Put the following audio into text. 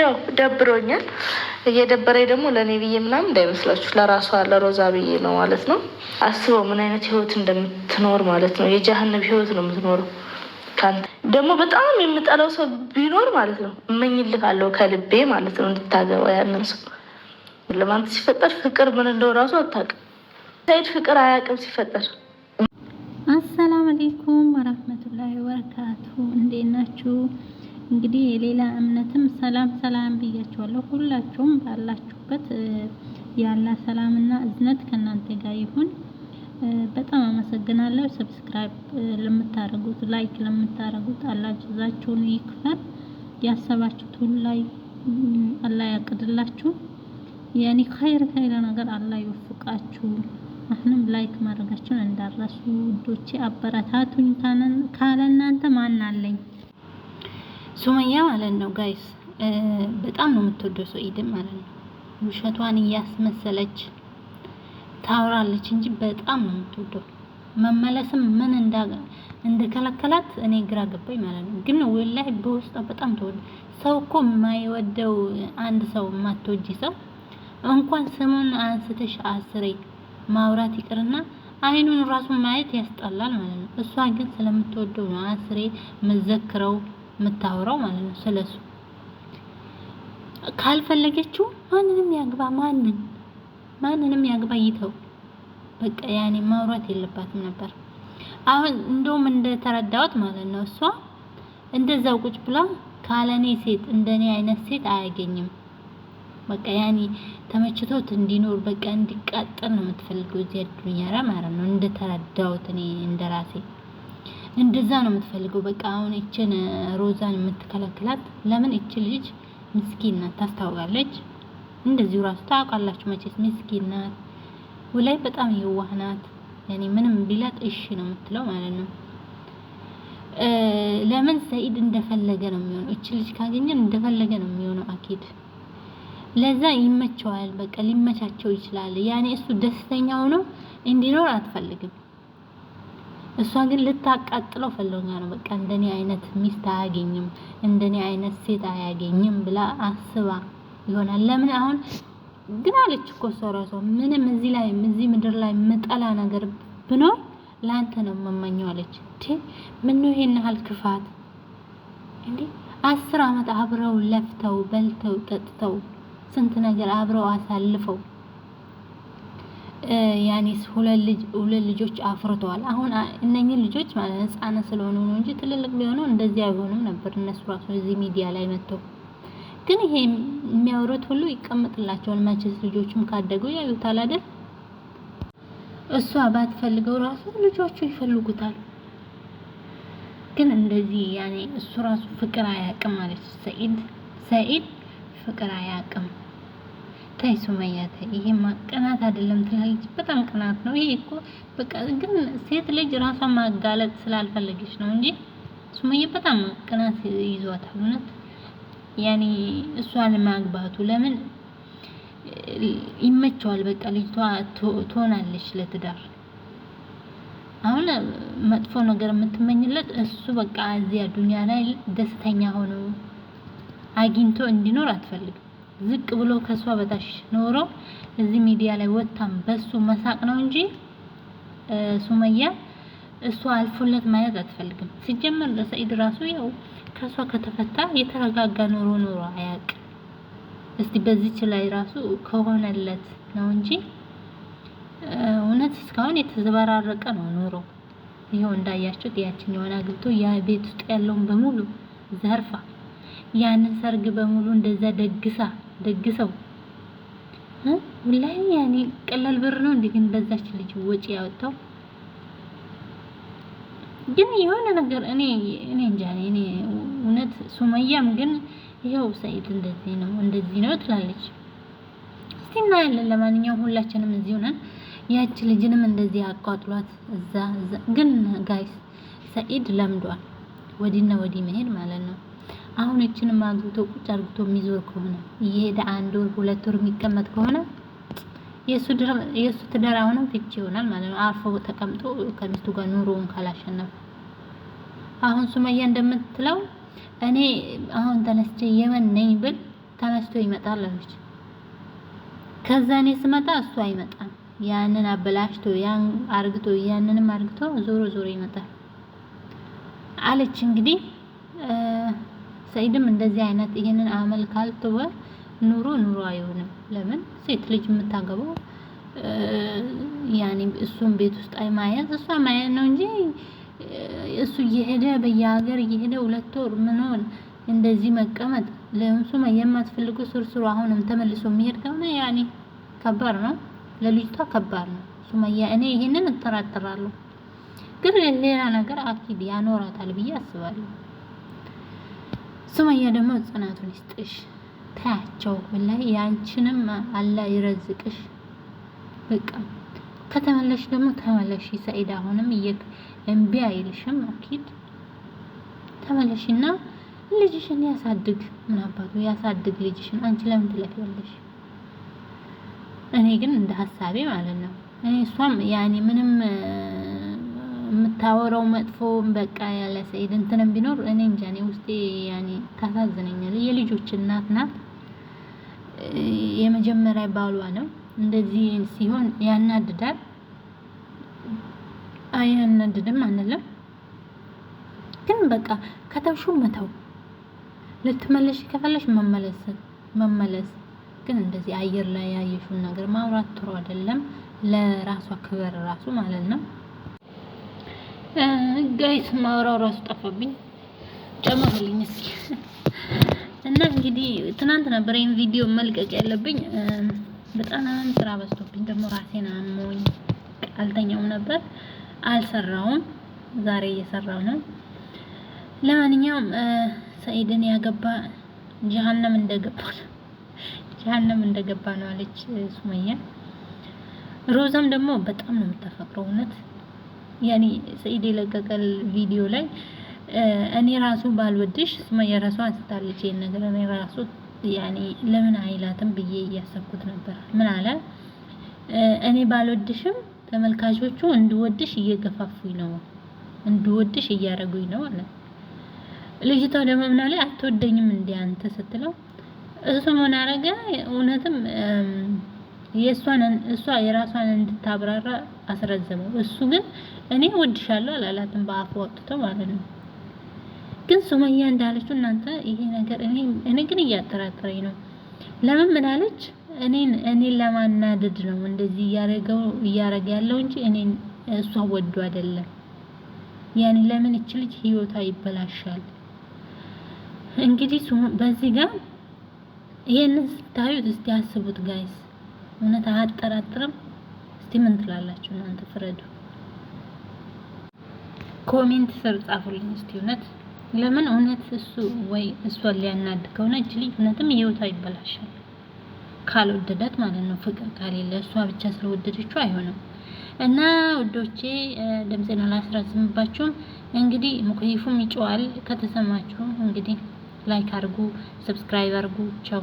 ያው ደብሮኛል። እየደበረኝ ደግሞ ለእኔ ብዬ ምናምን እንዳይመስላችሁ ለራሷ ለሮዛ ብዬ ነው ማለት ነው። አስበው ምን አይነት ህይወት እንደምትኖር ማለት ነው። የጀሃነብ ህይወት ነው የምትኖረው። ከአንተ ደግሞ በጣም የምጠላው ሰው ቢኖር ማለት ነው እመኝልሃለሁ ከልቤ ማለት ነው እንድታገባ ያንን ሰው ለማለት ሲፈጠር ፍቅር ምን እንደው ራሱ አታውቅም። ሳይድ ፍቅር አያውቅም ሲፈጠር። አሰላም አሌይኩም ወረህመቱላሂ ወበረካቱ እንዴት ናችሁ? እንግዲህ የሌላ እምነትም ሰላም ሰላም ብያችኋለሁ። ሁላችሁም ባላችሁበት ያለ ሰላምና እዝነት ከእናንተ ጋር ይሁን። በጣም አመሰግናለሁ። ሰብስክራይብ ለምታደርጉት፣ ላይክ ለምታደርጉት አላህ ይክፈል። ያሰባችሁት ሁሉ ላይ አላህ ያቅድላችሁ። የኔ ኸይር ኸይር ነገር አላህ ይወፍቃችሁ። አሁንም ላይክ ማድረጋችሁን እንዳረሱ ውዶቼ፣ አበረታቱኝ። ካለናንተ ማን አለኝ? ሱመያ ማለት ነው ጋይስ በጣም ነው የምትወደው ሰኢድን ማለት ነው። ውሸቷን እያስመሰለች ታውራለች እንጂ በጣም ነው የምትወደው። መመለስም ምን እንደከለከላት እኔ ግራ ገባኝ ማለት ነው። ግን ወላሂ በውስጧ በጣም ተወደ። ሰው እኮ የማይወደው አንድ ሰው የማትወጂ ሰው እንኳን ስሙን አንስተሽ አስሬ ማውራት ይቅርና አይኑን ራሱን ማየት ያስጠላል ማለት ነው። እሷ ግን ስለምትወደው ነው አስሬ መዘክረው የምታወራው ማለት ነው። ስለሱ ካልፈለገችው ማንንም ያግባ ማንን ማንንም ያግባ ይተው። በቃ ያኔ ማውራት የለባትም ነበር። አሁን እንደውም እንደተረዳሁት ማለት ነው እሷ እንደዛው ቁጭ ብላ ካለኔ ሴት እንደኔ አይነት ሴት አያገኝም። በቃ ያኔ ተመችቶት እንዲኖር በቃ እንዲቃጠል ነው የምትፈልገው እዚህ ዱንያ ማለት ነው። እንደተረዳሁት እኔ እንደራሴ እንደዛ ነው የምትፈልገው። በቃ አሁን እችን ሮዛን የምትከለክላት ለምን? እች ልጅ ምስኪን ናት፣ ታስታውቃለች። እንደዚሁ ራሱ ታውቃላችሁ መቼስ ምስኪን ናት፣ ውላይ በጣም የዋህ ናት። ያኔ ምንም ቢላት እሺ ነው የምትለው ማለት ነው። ለምን ሰኢድ እንደፈለገ ነው የሚሆነው። እች ልጅ ካገኘ እንደፈለገ ነው የሚሆነው። አኪድ ለዛ ይመቸዋል። በቃ ሊመቻቸው ይችላል። ያኔ እሱ ደስተኛ ሆኖ እንዲኖር አትፈልግም። እሷ ግን ልታቃጥለው ፈለጋ ነው። በቃ እንደኔ አይነት ሚስት አያገኝም፣ እንደኔ አይነት ሴት አያገኝም ብላ አስባ ይሆናል። ለምን አሁን ግን አለች እኮ እሷ እራሷ ምንም እዚህ ላይ እዚህ ምድር ላይ መጠላ ነገር ብኖር ለአንተ ነው የምመኘው አለች። ምነው ይሄን ያህል ክፋት እንዴ! አስር አመት አብረው ለፍተው በልተው ጠጥተው ስንት ነገር አብረው አሳልፈው ያኔስ ሁለት ልጆች አፍርተዋል። አሁን እነኝህ ልጆች ማለት ህጻናት ስለሆኑ ነው እንጂ ትልልቅ ቢሆኑ እንደዚህ አይሆኑም ነበር። እነሱ ራሱ እዚህ ሚዲያ ላይ መጥተው ግን ይሄ የሚያወሩት ሁሉ ይቀመጥላቸዋል። መቼስ ልጆቹም ካደጉ ያዩታል አይደል? እሷ ባትፈልገው ራሱ ልጆቹ ይፈልጉታል። ግን እንደዚህ ያኔ እሱ ራሱ ፍቅር አያውቅም አለች ሰኢድ። ሰኢድ ፍቅር አያውቅም። ተይ ሱመያ ተይ፣ ይሄማ ቅናት አይደለም ትላለች። በጣም ቅናት ነው ይሄ እኮ በቃ። ግን ሴት ልጅ ራሷን ማጋለጥ ስላልፈለገች ነው እንጂ ሱመያ በጣም ቅናት ይዟታል። እውነት ያኔ እሷን ማግባቱ ለምን ይመቸዋል። በቃ ልጅቷ ትሆናለች ለትዳር። አሁን መጥፎ ነገር የምትመኝለት እሱ በቃ እዚያ ዱንያ ላይ ደስተኛ ሆኖ አግኝቶ እንዲኖር አትፈልግም። ዝቅ ብሎ ከሷ በታች ኖሮ እዚህ ሚዲያ ላይ ወጣም በሱ መሳቅ ነው እንጂ ሱመያ እሷ አልፎለት ማየት አትፈልግም። ሲጀመር ለሰኢድ ራሱ ያው ከሷ ከተፈታ የተረጋጋ ኑሮ ኑሮ አያውቅም። እስቲ በዚች ላይ ራሱ ከሆነለት ነው እንጂ እውነት እስካሁን የተዘበራረቀ ነው ኑሮ። ይኸው እንዳያችሁት ያችን የሆነ አግብቶ ያ ቤት ውስጥ ያለውን በሙሉ ዘርፋ ያንን ሰርግ በሙሉ እንደዛ ደግሳ ደግሰው ሁላይ ያኔ ቀላል ብር ነው እንዴ? ግን በዛች ልጅ ወጪ ያወጣው ግን የሆነ ነገር እኔ እኔ እንጃ እኔ እውነት ሱመያም ግን ይኸው ሰኢድ እንደዚህ ነው እንደዚህ ነው ትላለች። እስቲ እናያለን። ለማንኛውም ሁላችንም እዚህ ሆነን ያች ልጅንም እንደዚህ አቋጥሏት እዛ እዛ። ግን ጋይስ ሰኢድ ለምዷል፣ ወዲና ወዲህ መሄድ ማለት ነው። አሁን እችንም አግብቶ ቁጭ አርግቶ የሚዞር ከሆነ እየሄደ አንድ ወር ሁለት ወር የሚቀመጥ ከሆነ የእሱ ትዳር አሁንም ፍቺ ይሆናል ማለት ነው። አርፎ ተቀምጦ ከሚስቱ ጋር ኑሮውን ካላሸነፈ አሁን ሱመያ እንደምትለው እኔ አሁን ተነስቼ የመን ነኝ ብል ተነስቶ ይመጣል አለች። ከዛ እኔ ስመጣ እሱ አይመጣም። ያንን አበላሽቶ ያን አርግቶ ያንንም አርግቶ ዞሮ ዞሮ ይመጣል አለች እንግዲህ ሰይድም እንደዚህ አይነት ይህንን አመል ካልተወ ኑሮ ኑሮ አይሆንም። ለምን ሴት ልጅ የምታገባው ያኔ እሱን ቤት ውስጥ አይ ማያዝ እሷ ነው እንጂ እሱ እየሄደ በየሀገር እየሄደ ሁለት ወር ምንሆን እንደዚህ መቀመጥ ለእንሱ የማትፈልጉ ስርስሩ አሁንም ተመልሶ የሚሄድ ከሆነ ያኔ ከባድ ነው፣ ለልጅቷ ከባድ ነው። ሱመያ እኔ ይሄንን እጠራጠራለሁ፣ ግን ሌላ ነገር አኪድ ያኖራታል ብዬ አስባለሁ። ሱመያ ደግሞ ጽናቱን ይስጥሽ። ታያቸው ላይ ያንቺንም አላ ይረዝቅሽ። በቃ ከተመለሽ ደግሞ ተመለሽ። ሰኢድ አሁንም እምቢ አይልሽም። አኪድ ተመለሽና ልጅሽን ያሳድግ። ምን አባቱ ያሳድግ ልጅሽን። አንቺ ለምን ትለፊያለሽ? እኔ ግን እንደ ሀሳቤ ማለት ነው እኔ እሷም ያኔ ምንም የምታወራው መጥፎ በቃ ያለ ሰይድ እንትንም ቢኖር እኔ እንጃ እኔ ውስጤ ያኔ ታሳዝነኛል። የልጆች እናት ናት። የመጀመሪያ ባሏ ነው። እንደዚህ ሲሆን ያናድዳል። አይ አንልም፣ ግን በቃ ከተውሹ መተው ልትመለሽ ከፈለሽ መመለስ መመለስ ግን እንደዚህ አየር ላይ ያየሽውን ነገር ማውራት ጥሩ አይደለም። ለራሷ ክብር ራሱ ማለት ነው። ጋይስ ማውራው ራሱ ጠፋብኝ። ጨምሩልኝ እስኪ። እና እንግዲህ ትናንት ነበር ይሄን ቪዲዮ መልቀቅ ያለብኝ። በጣም ስራ በዝቶብኝ ደግሞ ራሴን አሞኝ አልተኛውም ነበር፣ አልሰራውም። ዛሬ እየሰራው ነው። ለማንኛውም ሰኢድን ያገባ ጀሀነም እንደገባ ነው ጀሀነም እንደገባ ነው አለች ሱመያ። ሮዛም ደግሞ በጣም ነው የምታፈቅረው እውነት ያኔ ሰኢድ የለቀቀል ቪዲዮ ላይ እኔ ራሱ ባልወድሽ ሱመያ ራሱ አንስታለች ይሄን ነገር እኔ ራሱ ያኔ ለምን አይላትም ብዬ እያሰብኩት ነበር። ምን አለ እኔ ባልወድሽም ተመልካቾቹ እንድወድሽ እየገፋፉኝ ነው፣ እንድወድሽ እያደረጉኝ ነው አለ። ልጅቷ ደግሞ ምን አለ አትወደኝም እንዴ አንተ ስትለው እሱ ምን አረገ? እውነትም የእሷን እሷ የራሷን እንድታብራራ አስረዘመው። እሱ ግን እኔ ወድሻለሁ አላላትም በአፉ ወጥቶ ማለት ነው። ግን ሱመያ እንዳለችው እናንተ ይሄ ነገር እኔ እኔ ግን እያጠራጠረኝ ነው። ለምን ምናለች? እኔን እኔን ለማናደድ ነው እንደዚህ እያረገው እያረገ ያለው እንጂ እኔን እሷ ወዱ አይደለም። ያን ለምን እች ልጅ ህይወቷ ይበላሻል? እንግዲህ በዚህ ጋር ይሄንን ስታዩት እስቲ አስቡት ጋይስ፣ እውነት አያጠራጥርም? እስቲ ምን ትላላችሁ እናንተ? ፍረዱ። ኮሜንት ስር ጻፉልኝ እስቲ እውነት ለምን እውነት እሱ ወይ እሷን ሊያናድ ከሆነ እጅ ልጅ እውነትም ይወታ ይበላሻል። ካልወደዳት ማለት ነው። ፍቅር ከሌለ እሷ ብቻ ስለወደደችው አይሆንም። እና ውዶቼ ድምፄን አላስራዝምባችሁም። እንግዲህ ሙክሊፉም ይጮዋል ከተሰማችሁ እንግዲህ ላይክ አድርጉ፣ ሰብስክራይብ አድርጉ። ቻው